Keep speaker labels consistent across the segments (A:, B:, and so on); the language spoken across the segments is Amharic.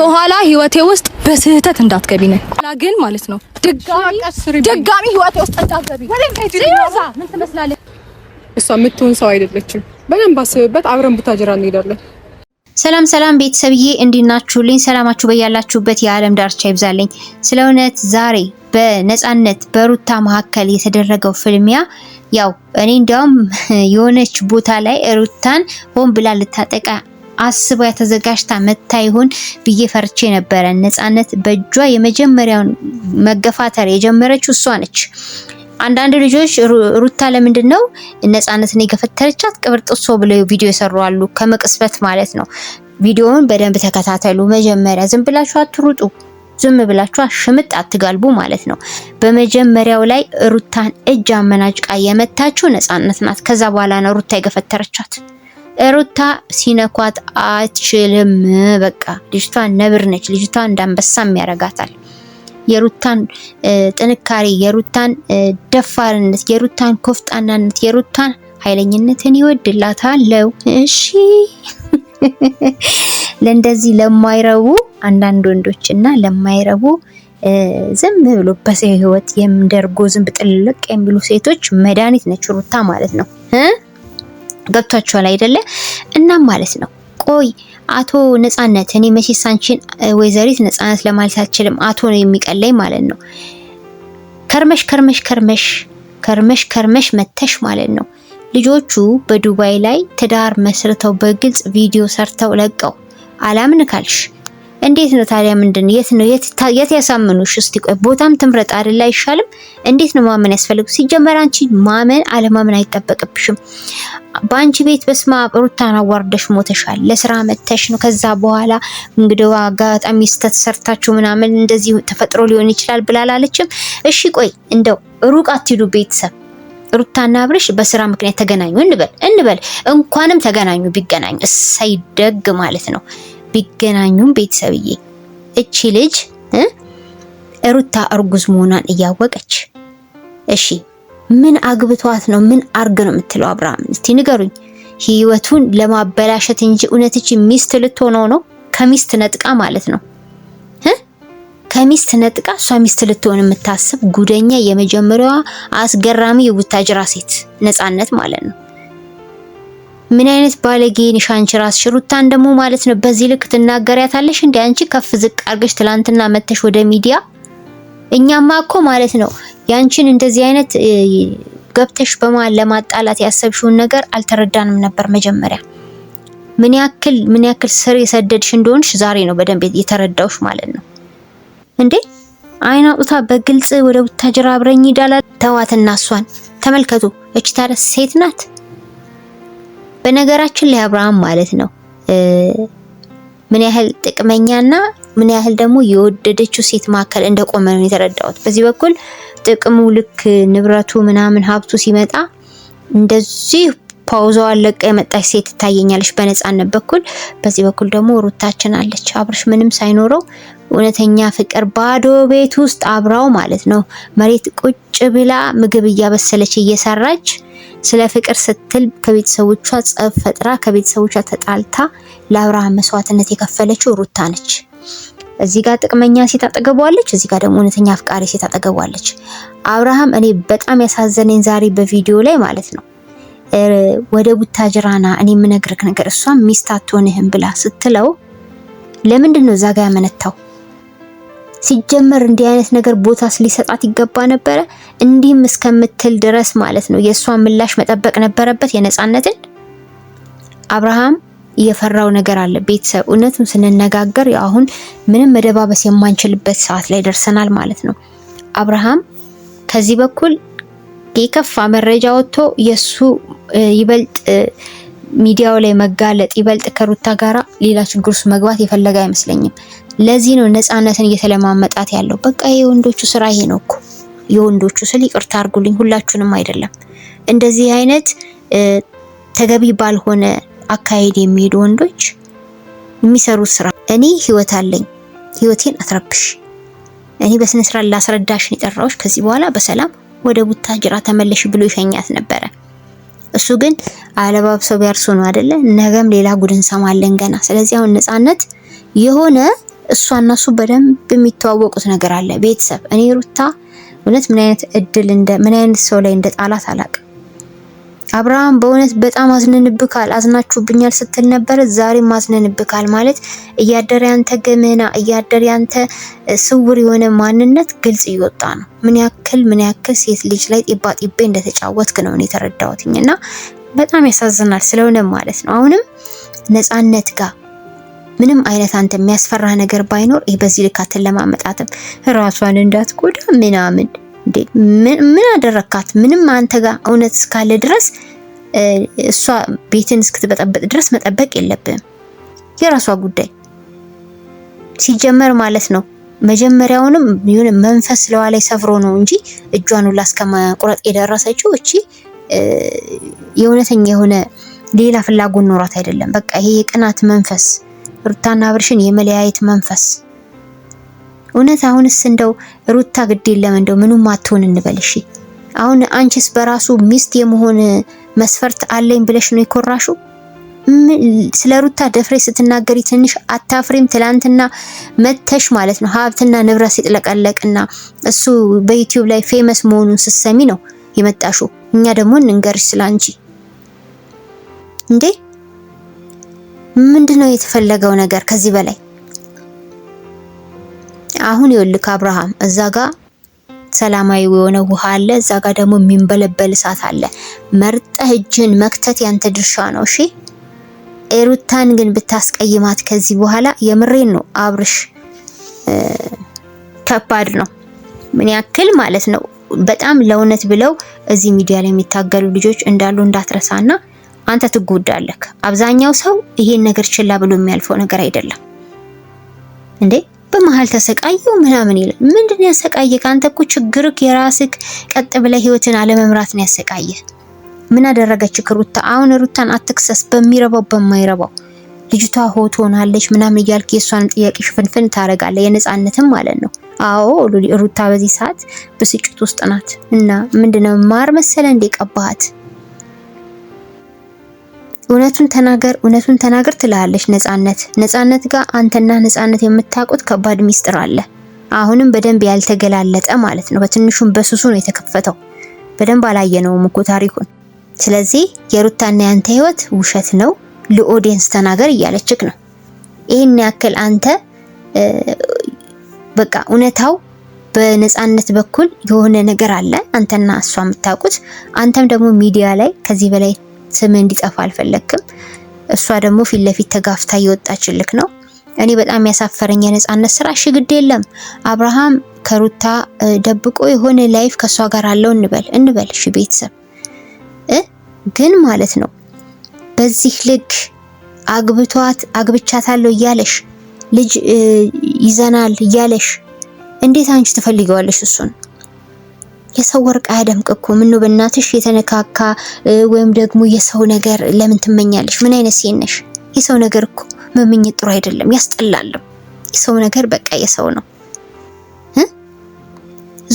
A: በኋላ ህይወቴ ውስጥ በስህተት እንዳትገቢ ነው ግን ማለት ነው። ድጋሚ ድጋሚ ህይወቴ ውስጥ እንዳትገቢ።
B: ወለም ምን ትመስላለች?
A: እሷ የምትሆን ሰው አይደለችም። በደንብ አስብበት። አብረን ቡታጅራ እንሄዳለን። ሰላም ሰላም ቤተሰብዬ፣ እንዲናችሁልኝ ሰላማችሁ በያላችሁበት የዓለም ዳርቻ ይብዛልኝ። ስለ እውነት ዛሬ በነፃነት በሩታ መካከል የተደረገው ፍልሚያ ያው እኔ እንዲያውም የሆነች ቦታ ላይ ሩታን ሆን ብላ ልታጠቃ አስባ ተዘጋጅታ መታ ይሆን ብዬ ፈርቼ ነበረ። ነፃነት በእጇ የመጀመሪያውን መገፋተር የጀመረችው እሷ ነች። አንዳንድ ልጆች ሩታ ለምንድን ነው ነጻነትን የገፈተረቻት ቅብርጥሶ ብለው ቪዲዮ የሰሩ አሉ። ከመቅስበት ማለት ነው። ቪዲዮውን በደንብ ተከታተሉ። መጀመሪያ ዝም ብላችሁ አትሩጡ። ዝም ብላችሁ ሽምጥ አትጋልቡ ማለት ነው። በመጀመሪያው ላይ ሩታን እጅ አመናጭቃ የመታችው ነፃነት ናት። ከዛ በኋላ ነው ሩታ የገፈተረቻት። ሩታ ሲነኳት አትችልም። በቃ ልጅቷ ነብር ነች። ልጅቷ እንዳንበሳም ያደርጋታል። የሩታን ጥንካሬ፣ የሩታን ደፋርነት፣ የሩታን ኮፍጣናነት፣ የሩታን ኃይለኝነትን ይወድላታለው። እሺ ለእንደዚህ ለማይረቡ አንዳንድ ወንዶች እና ለማይረቡ ዝም ብሎ በሰው ህይወት የምደርጎ ዝም ብጥልቅ የሚሉ ሴቶች መድኃኒት ነች ሩታ ማለት ነው። ገብቷችኋል አይደለ? እናም ማለት ነው ቆይ አቶ ነጻነት፣ እኔ መቼስ ወይዘሪት ነጻነት ለማለት አልችልም። አቶ ነው የሚቀለኝ ማለት ነው። ከርመሽ ከርመሽ ከርመሽ ከርመሽ ከርመሽ መተሽ ማለት ነው። ልጆቹ በዱባይ ላይ ትዳር መስርተው በግልጽ ቪዲዮ ሰርተው ለቀው አላምን ካልሽ እንዴት ነው ታዲያ? ምንድን የት ነው የት ያሳምኑሽ? እስቲ ቆይ ቦታም ትምረጥ አይደል? አይሻልም? እንዴት ነው ማመን ያስፈልጉ? ሲጀመር አንቺ ማመን አለማመን አይጠበቅብሽም። በአንቺ ቤት በስማ ሩታን አዋርደሽ ሞተሻል። ለስራ መተሽ ነው። ከዛ በኋላ እንግዲህ አጋጣሚ ስተት ሰርታችሁ ምናምን እንደዚህ ተፈጥሮ ሊሆን ይችላል ብላላለችም። እሺ ቆይ እንደው ሩቅ አትሂዱ ቤተሰብ ሩታና አብርሽ በስራ ምክንያት ተገናኙ እንበል እንበል እንኳንም ተገናኙ ቢገናኙ እሳይ ደግ ማለት ነው ቢገናኙም ቤተሰብዬ እቺ ልጅ ሩታ እርጉዝ መሆኗን እያወቀች እሺ፣ ምን አግብቷት ነው? ምን አርግ ነው የምትለው? አብርሃም እስቲ ንገሩኝ። ህይወቱን ለማበላሸት እንጂ እውነትች ሚስት ልትሆነው ነው? ከሚስት ነጥቃ ማለት ነው ከሚስት ነጥቃ እሷ ሚስት ልትሆን የምታስብ ጉደኛ፣ የመጀመሪያዋ አስገራሚ የቡታጅራ ሴት ነፃነት ማለት ነው። ምን አይነት ባለጌ ነሽ አንቺ ራስሽ! ሩታን ደግሞ ማለት ነው በዚህ ልክ ትናገሪያታለሽ እንዴ? አንቺ ከፍ ዝቅ አድርገሽ ትላንትና መተሽ ወደ ሚዲያ እኛማ እኮ ማለት ነው ያንቺን እንደዚህ አይነት ገብተሽ በማን ለማጣላት ያሰብሽውን ነገር አልተረዳንም ነበር መጀመሪያ። ምን ያክል ምን ያክል ስር የሰደድሽ እንደሆንሽ ዛሬ ነው በደንብ የተረዳውሽ ማለት ነው። እንዴ አይን አውጥታ በግልጽ ወደ ቡታጅራ አብረኝ ይዳላል። ተዋትና እሷን ተመልከቱ። እቺ ታዲያ ሴት ናት። በነገራችን ላይ አብርሃም ማለት ነው ምን ያህል ጥቅመኛና ምን ያህል ደግሞ የወደደችው ሴት መካከል እንደቆመ ነው የተረዳሁት። በዚህ በኩል ጥቅሙ ልክ ንብረቱ ምናምን ሀብቱ ሲመጣ እንደዚህ ፓውዛዋን ለቃ የመጣች ሴት ትታየኛለች በነፃነት በኩል። በዚህ በኩል ደግሞ ሩታችን አለች። አብርሽ ምንም ሳይኖረው እውነተኛ ፍቅር ባዶ ቤት ውስጥ አብራው ማለት ነው መሬት ቁጭ ብላ ምግብ እያበሰለች እየሰራች ስለ ፍቅር ስትል ከቤተሰቦቿ ጸብ ፈጥራ ከቤተሰቦቿ ተጣልታ ለአብርሃም መስዋዕትነት የከፈለችው ሩታ ነች። እዚህ ጋር ጥቅመኛ ሴት አጠገቧለች፣ እዚህ ጋር ደግሞ እውነተኛ አፍቃሪ ሴት አጠገቧለች። አብርሃም እኔ በጣም ያሳዘነኝ ዛሬ በቪዲዮ ላይ ማለት ነው ወደ ቡታጅራና እኔ የምነግርህ ነገር እሷ ሚስት አትሆንህም ብላ ስትለው ለምንድን ነው እዛ ጋ ያመነታው? ሲጀመር እንዲህ አይነት ነገር ቦታስ ሊሰጣት ይገባ ነበረ? እንዲህም እስከምትል ድረስ ማለት ነው የእሷን ምላሽ መጠበቅ ነበረበት። የነፃነትን አብርሃም እየፈራው ነገር አለ። ቤተሰብ እውነቱን ስንነጋገር አሁን ምንም መደባበስ የማንችልበት ሰዓት ላይ ደርሰናል ማለት ነው። አብርሃም ከዚህ በኩል የከፋ መረጃ ወጥቶ የሱ ይበልጥ ሚዲያው ላይ መጋለጥ ይበልጥ ከሩታ ጋራ ሌላ ችግር ውስጥ መግባት የፈለገ አይመስለኝም። ለዚህ ነው ነፃነትን እየተለማመጣት ያለው። በቃ የወንዶቹ ስራ ይሄ ነው እኮ የወንዶቹ ስል ይቅርታ አድርጉልኝ፣ ሁላችሁንም አይደለም። እንደዚህ አይነት ተገቢ ባልሆነ አካሄድ የሚሄዱ ወንዶች የሚሰሩት ስራ እኔ ህይወት አለኝ፣ ህይወቴን አትረብሽ፣ እኔ በስነ ስርዓት ላስረዳሽ የጠራዎች ከዚህ በኋላ በሰላም ወደ ቡታጅራ ተመለሽ ብሎ ይሸኛት ነበረ። እሱ ግን አለባብሰው ቢያርሱ ነው አይደለ? ነገም ሌላ ጉድ እንሰማለን ገና። ስለዚህ አሁን ነፃነት የሆነ እሷ እና እሱ በደንብ የሚተዋወቁት ነገር አለ። ቤተሰብ እኔ ሩታ እውነት ምን አይነት እድል እንደ ምን አይነት ሰው ላይ እንደ ጣላት አላቅም። አብርሃም በእውነት በጣም አዝነንብካል፣ አዝናችሁብኛል ስትል ነበር። ዛሬም አዝነንብካል ማለት እያደረ ያንተ ገመና እያደረ ያንተ ስውር የሆነ ማንነት ግልጽ እየወጣ ነው። ምን ያክል ምን ያክል ሴት ልጅ ላይ ጢባ ጢቤ እንደተጫወትክ ነው የተረዳሁትኝ እና በጣም ያሳዝናል። ስለሆነ ማለት ነው አሁንም ነጻነት ጋር ምንም አይነት አንተ የሚያስፈራ ነገር ባይኖር ይህ በዚህ ልክ አትለማመጣትም ራሷን እንዳትጎዳ ምናምን ምን አደረካት? ምንም አንተ ጋር እውነት እስካለ ድረስ እሷ ቤትን እስክትበጠበጥ ድረስ መጠበቅ የለብህም። የራሷ ጉዳይ ሲጀመር ማለት ነው። መጀመሪያውንም የሆነ መንፈስ ለዋ ላይ ሰፍሮ ነው እንጂ እጇን ሁላ እስከ መቁረጥ የደረሰችው እቺ የእውነተኛ የሆነ ሌላ ፍላጎት ኖራት አይደለም። በቃ ይሄ የቅናት መንፈስ ሩታና አብርሽን የመለያየት መንፈስ እውነት አሁንስ እንደው ሩታ ግድ የለም እንደው ምኑም አትሆን እንበልሽ አሁን አንቺስ በራሱ ሚስት የመሆን መስፈርት አለኝ ብለሽ ነው የኮራሹ? ስለ ሩታ ደፍሬ ስትናገሪ ትንሽ አታፍሬም? ትላንትና መተሽ ማለት ነው ሀብትና ንብረት ሲጥለቀለቅና እሱ በዩቲዩብ ላይ ፌመስ መሆኑን ስትሰሚ ነው የመጣሹ። እኛ ደግሞ እንንገርሽ ስለ አንቺ እንዴ! ምንድነው የተፈለገው ነገር ከዚህ በላይ? አሁን ይኸውልህ አብርሃም እዛ ሰላማዊ የሆነ ውሃ አለ፣ እዛ ጋር ደግሞ የሚንበለበል እሳት አለ። መርጠህ እጅን መክተት ያንተ ድርሻ ነው። እሺ ኤሩታን ግን ብታስቀይማት ከዚህ በኋላ የምሬን ነው አብርሽ፣ ከባድ ነው። ምን ያክል ማለት ነው በጣም ለእውነት ብለው እዚህ ሚዲያ ላይ የሚታገሉ ልጆች እንዳሉ እንዳትረሳና አንተ ትጎዳለህ። አብዛኛው ሰው ይሄን ነገር ችላ ብሎ የሚያልፈው ነገር አይደለም እንዴ በመሀል ተሰቃየው ምናምን ይላል። ምንድን ያሰቃየ? አንተ እኮ ችግርህ የራስህ ቀጥ ብለ ህይወትን አለመምራት ነው ያሰቃየ። ምን አደረገች ሩታ? አሁን ሩታን አትክሰስ በሚረባው በማይረባው ልጅቷ ሆት ሆናለች ምናምን እያልክ የእሷንም ጥያቄ ሽፍንፍን ታደርጋለህ። የነፃነትም ማለት ነው። አዎ ሩታ በዚህ ሰዓት ብስጭት ውስጥ ናት። እና ምንድነው ማር መሰለ እንደ ቀባሃት እውነቱን ተናገር እውነቱን ተናገር ትላለች ነጻነት። ነጻነት ጋር አንተና ነጻነት የምታውቁት ከባድ ሚስጥር አለ፣ አሁንም በደንብ ያልተገላለጠ ማለት ነው። በትንሹም በሱሱ ነው የተከፈተው። በደንብ አላየነውም እኮ ታሪኩን። ስለዚህ የሩታና ያንተ ህይወት ውሸት ነው፣ ለኦዲየንስ ተናገር እያለችክ ነው። ይህን ያክል አንተ በቃ እውነታው በነጻነት በኩል የሆነ ነገር አለ አንተና እሷ የምታውቁት። አንተም ደግሞ ሚዲያ ላይ ከዚህ በላይ ስም እንዲጠፋ አልፈለግክም። እሷ ደግሞ ፊት ለፊት ተጋፍታ እየወጣችልክ ነው። እኔ በጣም ያሳፈረኝ የነጻነት ስራ። እሺ ግድ የለም አብርሃም ከሩታ ደብቆ የሆነ ላይፍ ከሷ ጋር አለው እንበል እንበል። እሺ ቤተሰብ እ ግን ማለት ነው በዚህ ልክ አግብቷት አግብቻታለሁ እያለሽ ልጅ ይዘናል እያለሽ እንዴት አንቺ ትፈልጊዋለሽ እሱን? የሰው ወርቅ አያደምቅ እኮ ምን ነው በእናትሽ የተነካካ ወይም ደግሞ የሰው ነገር ለምን ትመኛለሽ? ምን አይነት ሴት ነሽ? የሰው ነገር እኮ መመኘት ጥሩ አይደለም፣ ያስጠላልም። የሰው ነገር በቃ የሰው ነው።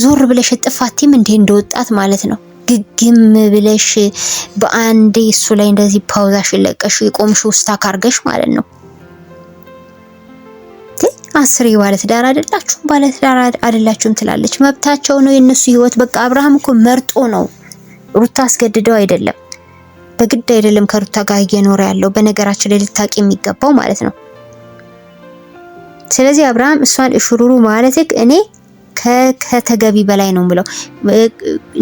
A: ዞር ብለሽ ጥፋቲም እንዴ እንደወጣት ማለት ነው ግግም ብለሽ በአንዴ እሱ ላይ እንደዚህ ፓውዛሽ ለቀሽ የቆምሽ ውስታ ካርገሽ ማለት ነው። አስሬ ባለትዳር አይደላችሁም ባለትዳር አይደላችሁም ትላለች። መብታቸው ነው የነሱ ህይወት። በቃ አብርሃም እኮ መርጦ ነው ሩታ አስገድደው አይደለም በግድ አይደለም ከሩታ ጋር እየኖረ ያለው በነገራችን ላይ ልታቂ የሚገባው ማለት ነው። ስለዚህ አብርሃም እሷን እሽሩሩ ማለትክ እኔ ከተገቢ በላይ ነው ብለው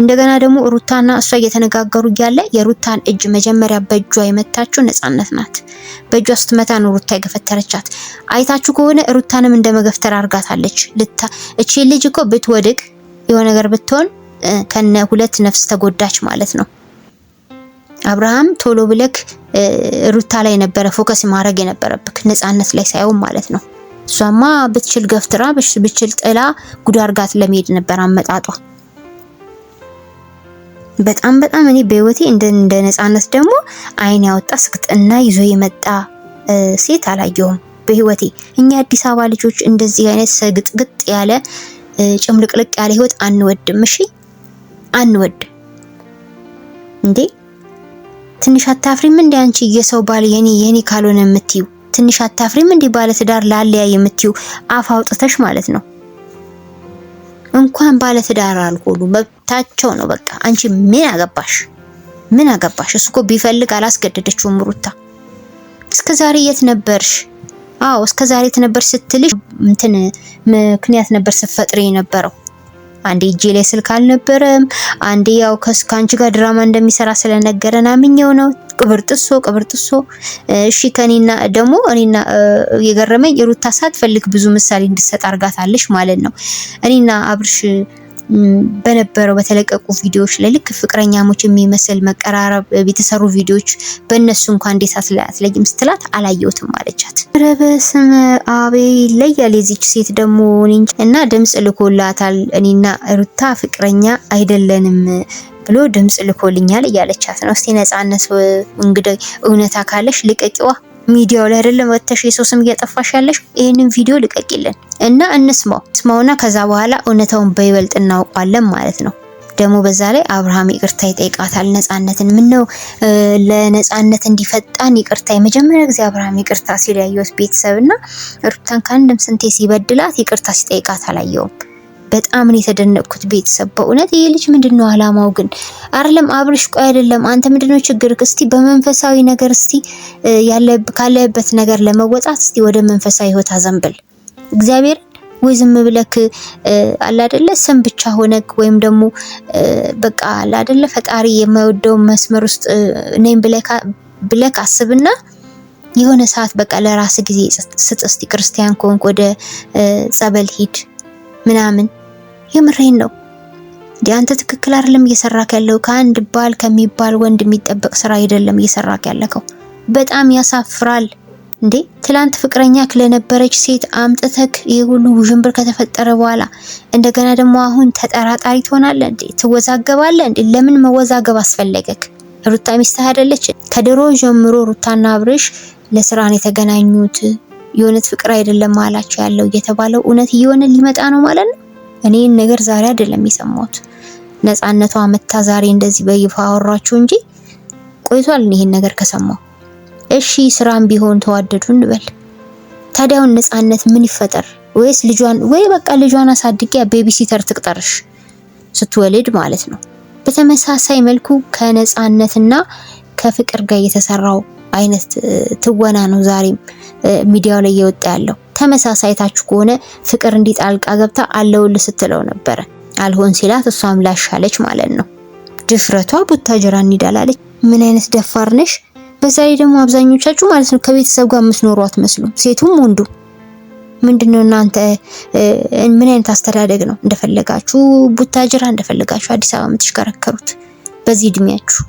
A: እንደገና ደግሞ ሩታና እሷ እየተነጋገሩ እያለ የሩታን እጅ መጀመሪያ በእጇ የመታችው ነፃነት ናት። በእጇ ስትመታ ነው ሩታ የገፈተረቻት። አይታችሁ ከሆነ ሩታንም እንደ መገፍተር አርጋታለች። ልታ እቺ ልጅ እኮ ብትወድቅ የሆነ ነገር ብትሆን ከነ ሁለት ነፍስ ተጎዳች ማለት ነው። አብርሃም ቶሎ ብለክ ሩታ ላይ ነበረ ፎከስ ማድረግ የነበረብክ ነፃነት ላይ ሳይሆን ማለት ነው። እሷማ ብትችል ገፍትራ ብችል ጥላ ጉዳር ጋት ለመሄድ ነበር አመጣጧ። በጣም በጣም እኔ በህይወቴ እንደ ነፃነት ደግሞ አይን ያወጣ ስክጥና ይዞ የመጣ ሴት አላየውም በህይወቴ። እኛ አዲስ አበባ ልጆች እንደዚህ አይነት ሰግጥግጥ ያለ ጭምልቅልቅ ያለ ህይወት አንወድም። እሺ አንወድ እንዴ ትንሽ አታፍሪም እንዴ አንቺ? የሰው ባል የኔ የኔ ካልሆነ የምትዩ ትንሽ አታፍሪም? እንዲህ ባለትዳር ላለያ የምትዩ አፍ አውጥተሽ ማለት ነው። እንኳን ባለትዳር አልሆኑ መብታቸው ነው። በቃ አንቺ ምን አገባሽ? ምን አገባሽ? እሱ እኮ ቢፈልግ አላስገደደችውም ሩታ። ዛሬ የት ነበርሽ? አዎ እስከዛሬ የት ነበርሽ ስትልሽ እንትን ምክንያት ነበር ስትፈጥሪ የነበረው አንዴ እጄ ላይ ስልክ አልነበረም። አንዴ ያው ከአንቺ ጋር ድራማ እንደሚሰራ ስለነገረን አምኜው ነው። ቅብርጥሶ ጥሶ እሺ ከኔና ደግሞ እኔና የገረመኝ ሩታ ሳትፈልግ ብዙ ምሳሌ እንድሰጥ አርጋታለሽ ማለት ነው እኔና አብርሽ በነበረው በተለቀቁ ቪዲዮዎች ላይ ልክ ፍቅረኛሞች የሚመስል መቀራረብ የተሰሩ ቪዲዮዎች በእነሱ እንኳን እንዴት አትለይም ስትላት አላየሁትም አለቻት። ኧረ በስመ አብ ይለያል። የዚች ሴት ደግሞ እና ድምፅ ልኮላታል። እኔና ሩታ ፍቅረኛ አይደለንም ብሎ ድምፅ ልኮልኛል እያለቻት ነው። እስቲ ነፃነት እንግዲህ እውነታ ካለሽ ልቀቂዋ ሚዲያው ላይ አይደለም ወጥተሽ የሰው ስም እየጠፋሽ ያለሽ። ይህንን ቪዲዮ ልቀቂልን እና እንስማው ስማውና ከዛ በኋላ እውነታውን በይበልጥ እናውቋለን ማለት ነው። ደግሞ በዛ ላይ አብርሃም ይቅርታ ይጠይቃታል ነጻነትን። ምን ነው ለነጻነት እንዲፈጣን ይቅርታ የመጀመሪያ ጊዜ አብርሃም ይቅርታ ሲል ያየሁት ቤተሰብና ሩታን ከአንድም ስንቴ ሲበድላት ይቅርታ ሲጠይቃት አላየውም። በጣም ነው የተደነቅኩት። ቤተሰብ በእውነት ይሄ ልጅ ምንድን ነው አላማው ግን? አይደለም አብርሽ፣ ቆይ አይደለም አንተ ምንድነው ችግር? እስቲ በመንፈሳዊ ነገር እስቲ ካለበት ነገር ለመወጣት እስቲ ወደ መንፈሳዊ ህይወት አዘንብል እግዚአብሔር ወይ ዝም ብለክ አላደለ ስም ብቻ ሆነክ ወይም ደግሞ በቃ አላደለ ፈጣሪ የማይወደው መስመር ውስጥ ነኝ ብለክ አስብና የሆነ ሰዓት በቃ ለራስ ጊዜ ስጥ እስቲ። ክርስቲያን ከሆንክ ወደ ጸበል ሂድ ምናምን የምሬን ነው። አንተ ትክክል አይደለም እየሰራክ ያለው። ከአንድ ባል ከሚባል ወንድ የሚጠበቅ ስራ አይደለም እየሰራክ ያለከው። በጣም ያሳፍራል። እንዴ ትላንት ፍቅረኛ ለነበረች ሴት አምጥተክ ይህ ሁሉ ውዥንብር ከተፈጠረ በኋላ እንደገና ደግሞ አሁን ተጠራጣሪ ትሆናለህ እንዴ? ትወዛገባለህ እንዴ? ለምን መወዛገብ አስፈለገክ? ሩታ ሚስትህ አይደለች? ከድሮ ጀምሮ ሩታና አብርሽ ለስራ የተገናኙት። የእውነት ፍቅር አይደለም አላቸው ያለው እየተባለው እውነት እየሆነ ሊመጣ ነው ማለት ነው። እኔ ይህን ነገር ዛሬ አይደለም የሰማሁት። ነፃነቷ መታ ዛሬ እንደዚህ በይፋ አወራችሁ እንጂ ቆይቷል ይህን ነገር ከሰማሁ። እሺ ስራም ቢሆን ተዋደዱ እንበል ታዲያውን ነፃነት ምን ይፈጠር ወይስ ልጇን ወይ በቃ ልጇን አሳድጊያ ቤቢሲተር ትቅጠርሽ ስትወልድ ማለት ነው። በተመሳሳይ መልኩ ከነፃነትና ከፍቅር ጋር የተሰራው አይነት ትወና ነው ዛሬም ሚዲያው ላይ እየወጣ ያለው። ተመሳሳይታችሁ ከሆነ ፍቅር እንዲጣልቃ ገብታ አለውል ስትለው ነበረ። አልሆን ሲላት እሷም ላሻለች ማለት ነው። ድፍረቷ ቡታጅራ እንዳላለች ምን አይነት ደፋር ነሽ? በዛ ላይ ደግሞ አብዛኞቻችሁ ማለት ነው ከቤተሰብ ጋር የምትኖሩ አትመስሉም፣ ሴቱም ወንዱ። ምንድነው እናንተ ምን አይነት አስተዳደግ ነው? እንደፈለጋችሁ ቡታጅራ፣ እንደፈለጋችሁ አዲስ አበባ የምትሽከረከሩት በዚህ እድሜያችሁ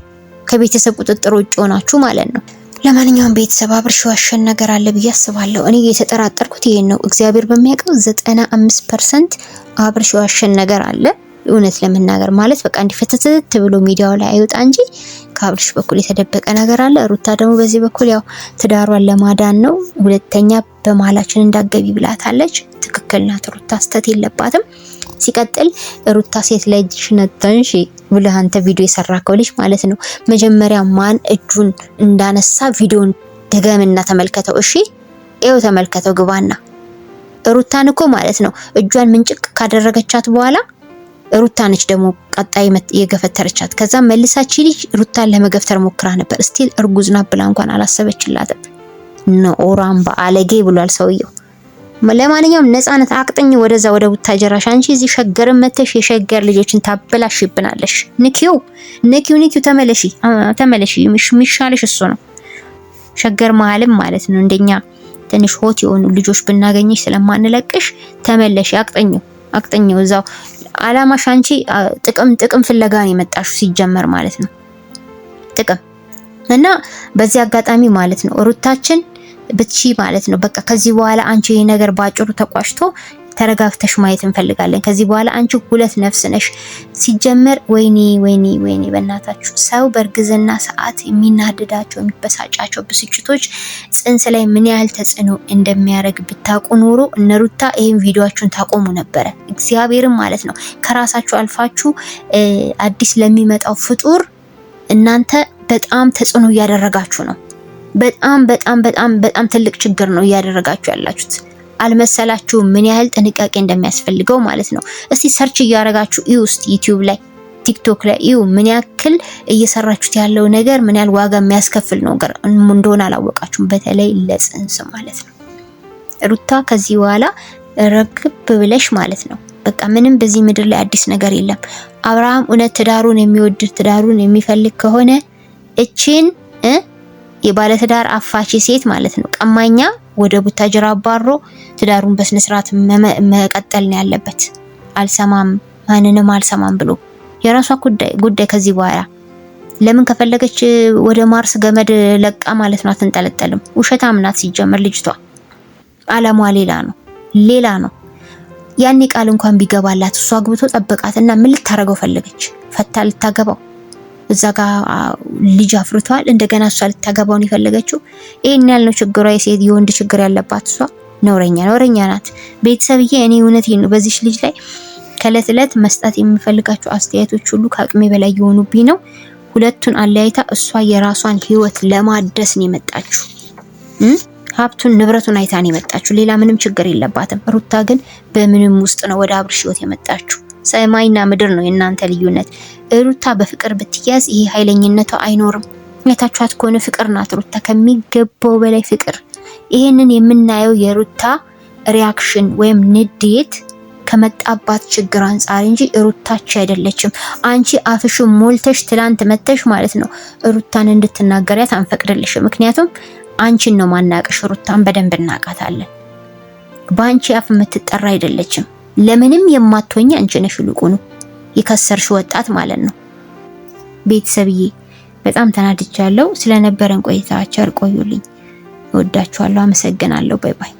A: ከቤተሰብ ቁጥጥር ውጭ ሆናችሁ ማለት ነው። ለማንኛውም ቤተሰብ አብርሽ ዋሸን ነገር አለ ብዬ አስባለሁ። እኔ የተጠራጠርኩት ይሄን ነው። እግዚአብሔር በሚያውቀው ዘጠና አምስት ፐርሰንት አብርሽ ዋሸን ነገር አለ። እውነት ለመናገር ማለት በቃ እንዲፈተተት ብሎ ሚዲያው ላይ አይወጣ እንጂ ከአብርሽ በኩል የተደበቀ ነገር አለ። ሩታ ደግሞ በዚህ በኩል ያው ትዳሯን ለማዳን ነው። ሁለተኛ በመሀላችን እንዳገቢ ብላታለች። ትክክል ናት ሩታ፣ ስተት የለባትም። ሲቀጥል ሩታ ሴት ላይ እጅሽ ብለህ አንተ ቪዲዮ የሰራከው ልጅ ማለት ነው። መጀመሪያ ማን እጁን እንዳነሳ ቪዲዮን ድገምና ተመልከተው። እሺ ይኸው ተመልከተው፣ ግባና ሩታን እኮ ማለት ነው እጇን ምንጭቅ ካደረገቻት በኋላ ሩታ ነች ደግሞ ቀጣይ የገፈተረቻት። ከዛ መልሳች ልጅ ሩታን ለመገፍተር ሞክራ ነበር። ስቲል እርጉዝ ናት ብላ እንኳን አላሰበችላትም። ኦራምባ አለጌ ብሏል ሰውየው። ለማንኛውም ነፃነት አቅጥኝ ወደዛ ወደ ቡታጀራሽ። አንቺ እዚህ ሸገር መተሽ የሸገር ልጆችን ታበላሽብናለሽ። ንኪው ንኪው ንኪው፣ ተመለሺ ተመለሺ፣ የሚሻለሽ እሱ ነው። ሸገር መሀልም ማለት ነው እንደኛ ትንሽ ሆት የሆኑ ልጆች ብናገኘሽ ስለማንለቅሽ ተመለሺ። አቅጠኘው አቅጠኘው፣ እዛው አላማሽ። አንቺ ጥቅም ጥቅም ፍለጋ ነው የመጣሽው ሲጀመር ማለት ነው ጥቅም እና በዚህ አጋጣሚ ማለት ነው ሩታችን ብቺ ማለት ነው። በቃ ከዚህ በኋላ አንቺ ይህ ነገር ባጭሩ ተቋጭቶ ተረጋግተሽ ማየት እንፈልጋለን። ከዚህ በኋላ አንቺ ሁለት ነፍስ ነሽ። ሲጀመር ወይኔ ወይኔ ወይኔ በእናታችሁ ሰው በእርግዝና ሰዓት የሚናደዳቸው የሚበሳጫቸው ብስጭቶች ጽንስ ላይ ምን ያህል ተጽዕኖ እንደሚያደርግ ብታውቁ ኖሮ እነሩታ ይህን ቪዲዮችሁን ታቆሙ ነበረ። እግዚአብሔርም ማለት ነው ከራሳችሁ አልፋችሁ አዲስ ለሚመጣው ፍጡር እናንተ በጣም ተጽዕኖ እያደረጋችሁ ነው። በጣም በጣም በጣም በጣም ትልቅ ችግር ነው እያደረጋችሁ ያላችሁት። አልመሰላችሁም? ምን ያህል ጥንቃቄ እንደሚያስፈልገው ማለት ነው። እስቲ ሰርች እያደረጋችሁ እዩ ውስጥ ዩቲዩብ ላይ ቲክቶክ ላይ እዩ። ምን ያክል እየሰራችሁት ያለው ነገር ምን ያህል ዋጋ የሚያስከፍል ነገር እንደሆነ አላወቃችሁም። በተለይ ለጽንስ ማለት ነው። ሩታ ከዚህ በኋላ ረግብ ብለሽ ማለት ነው። በቃ ምንም በዚህ ምድር ላይ አዲስ ነገር የለም። አብርሃም እውነት ትዳሩን የሚወድ ትዳሩን የሚፈልግ ከሆነ እቺን። የባለትዳር አፋቺ ሴት ማለት ነው ቀማኛ ወደ ቡታጅራ አባሮ ትዳሩን በስነስርዓት መቀጠል ነው ያለበት። አልሰማም ማንንም አልሰማም ብሎ የራሷ ጉዳይ ከዚህ በኋላ ለምን ከፈለገች ወደ ማርስ ገመድ ለቃ ማለት ነው አትንጠለጠልም። ውሸታም ናት ሲጀመር ልጅቷ አላማዋ ሌላ ነው ሌላ ነው። ያኔ ቃል እንኳን ቢገባላት እሷ አግብቶ እና ምን ልታረገው ፈለገች? ፈታ ልታገባው እዛ ጋ ልጅ አፍርተዋል። እንደገና እሷ ልታገባውን የፈለገችው። ይሄን ያል ነው ችግሯ። የሴት የወንድ ችግር ያለባት እሷ ነውረኛ ነውረኛ ናት። ቤተሰብዬ፣ እኔ እውነት ነው በዚች ልጅ ላይ ከእለት እለት መስጠት የሚፈልጋቸው አስተያየቶች ሁሉ ከአቅሜ በላይ የሆኑብኝ ነው። ሁለቱን አለያይታ እሷ የራሷን ህይወት ለማደስ ነው የመጣችው። ሀብቱን ንብረቱን አይታ ነው የመጣችው። ሌላ ምንም ችግር የለባትም። ሩታ ግን በምንም ውስጥ ነው ወደ አብርሽ ህይወት የመጣችው። ሰማይና ምድር ነው የእናንተ ልዩነት። ሩታ በፍቅር ብትያዝ ይሄ ኃይለኝነቷ አይኖርም። አይታችኋት ከሆነ ፍቅር ናት ሩታ፣ ከሚገባው በላይ ፍቅር። ይሄንን የምናየው የሩታ ሪያክሽን ወይም ንዴት ከመጣባት ችግር አንጻር እንጂ ሩታች አይደለችም። አንቺ አፍሽ ሞልተሽ ትላንት መተሽ ማለት ነው ሩታን እንድትናገሪያት አንፈቅድልሽ። ምክንያቱም አንቺን ነው ማናቀሽ። ሩታን በደንብ እናቃታለን። በአንቺ አፍ የምትጠራ አይደለችም። ለምንም የማትሆኝ አንቺ ነሽ። ይልቁኑ የከሰርሽ ወጣት ማለት ነው። ቤተሰብዬ በጣም ተናድጃለሁ። ስለነበረን ቆይታ ቸር ቆዩልኝ። እወዳችኋለሁ። አመሰግናለሁ። ባይ ባይ።